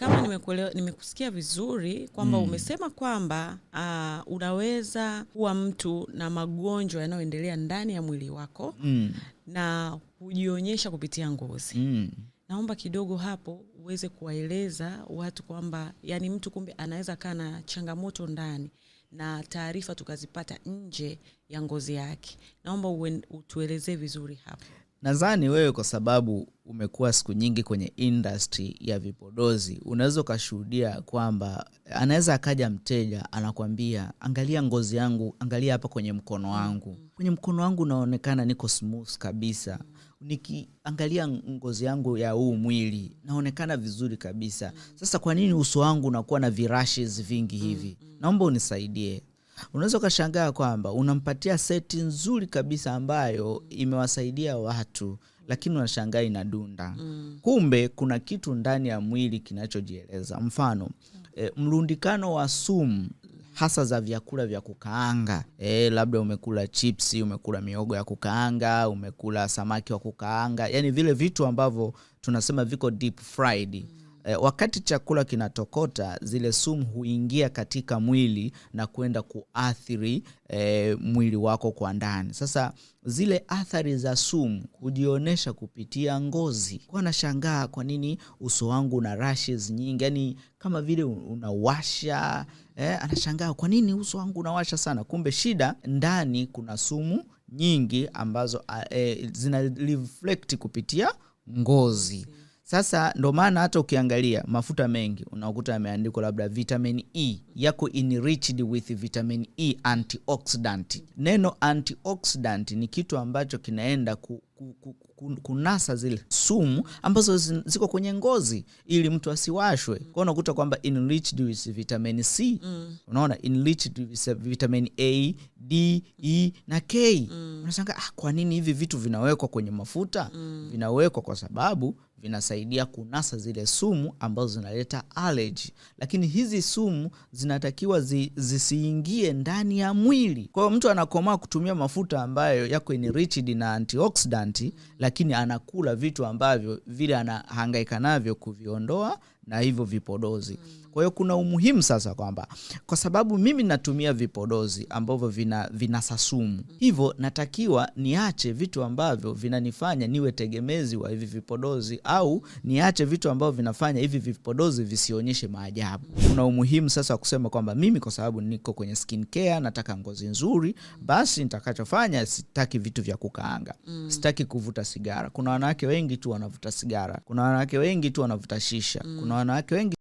Kama nimekuelewa, nimekusikia vizuri kwamba mm. umesema kwamba uh, unaweza kuwa mtu na magonjwa yanayoendelea ndani ya mwili wako mm. na hujionyesha kupitia ngozi mm. Naomba kidogo hapo uweze kuwaeleza watu kwamba yani mtu kumbe anaweza kaa na changamoto ndani na taarifa tukazipata nje ya ngozi yake. Naomba utuelezee vizuri hapo nadhani wewe kwa sababu umekuwa siku nyingi kwenye industry ya vipodozi, unaweza ukashuhudia kwamba anaweza akaja mteja anakwambia, angalia ngozi yangu, angalia hapa kwenye mkono wangu, mm. kwenye mkono wangu unaonekana niko smooth kabisa nikiangalia ngozi yangu ya huu mwili naonekana vizuri kabisa. Mm. Sasa kwa nini uso wangu unakuwa na virashes vingi hivi? Mm, Naomba unisaidie unaweza ukashangaa kwamba unampatia seti nzuri kabisa ambayo imewasaidia watu lakini unashangaa inadunda. Mm. Kumbe kuna kitu ndani ya mwili kinachojieleza. Mfano e, mrundikano wa sumu hasa za vyakula vya kukaanga e, labda umekula chipsi, umekula miogo ya kukaanga, umekula samaki wa kukaanga, yani vile vitu ambavyo tunasema viko deep fried. Mm. E, wakati chakula kinatokota zile sumu huingia katika mwili na kwenda kuathiri e, mwili wako kwa ndani. Sasa zile athari za sumu hujionyesha kupitia ngozi. Kwa nashangaa kwa nini uso wangu una rashes nyingi, yani kama vile unawasha e, anashangaa kwa nini uso wangu unawasha sana, kumbe shida ndani kuna sumu nyingi ambazo e, zina reflect kupitia ngozi. Sasa ndo maana hata ukiangalia mafuta mengi unakuta yameandikwa labda vitamin E yako enriched with vitamin E antioxidant. Neno antioxidant ni kitu ambacho kinaenda ku, ku, ku, ku, kunasa zile sumu ambazo ziko kwenye ngozi ili mtu asiwashwe. Mm. Kwa unakuta kwamba enriched with vitamin C. Mm. Unaona enriched with vitamin A, D, E na K. Mm. Unashangaa ah, kwa nini hivi vitu vinawekwa kwenye mafuta? Mm. Vinawekwa kwa sababu vinasaidia kunasa zile sumu ambazo zinaleta allergy. Lakini hizi sumu zina zinatakiwa zi, zisiingie ndani ya mwili. Kwa hiyo mtu anakomaa kutumia mafuta ambayo yako enriched na antioxidant, lakini anakula vitu ambavyo vile anahangaika navyo kuviondoa na hivyo vipodozi. Mm. Kwa hiyo kuna umuhimu sasa kwamba kwa sababu mimi natumia vipodozi ambavyo vina, vinasasumu mm. hivyo natakiwa niache vitu ambavyo vinanifanya niwe tegemezi wa hivi vipodozi, au niache vitu ambavyo vinafanya hivi vipodozi visionyeshe maajabu. Mm. Kuna umuhimu sasa wa kusema kwamba mimi kwa sababu niko kwenye skin care, nataka ngozi nzuri, basi nitakachofanya sitaki vitu vya kukaanga Sitaki kuvuta sigara. Kuna wanawake wengi tu wanavuta sigara, kuna wanawake wengi tu wanavuta shisha kuna kuna wanawake wengi